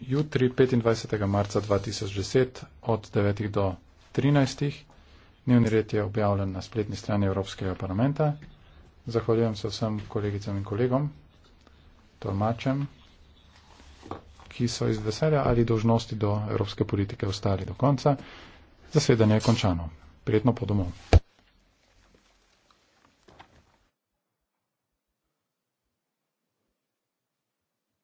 jutri, 25. marca 2010, od 9. do 13. Dnevni red je objavljen na spletni strani Evropskega parlamenta. Zahvaljujem se vsem kolegicam in kolegom, tolmačem, ki so iz veselja ali dožnosti do evropske politike ostali do konca. Zasedanje je končano. Prijetno po domov.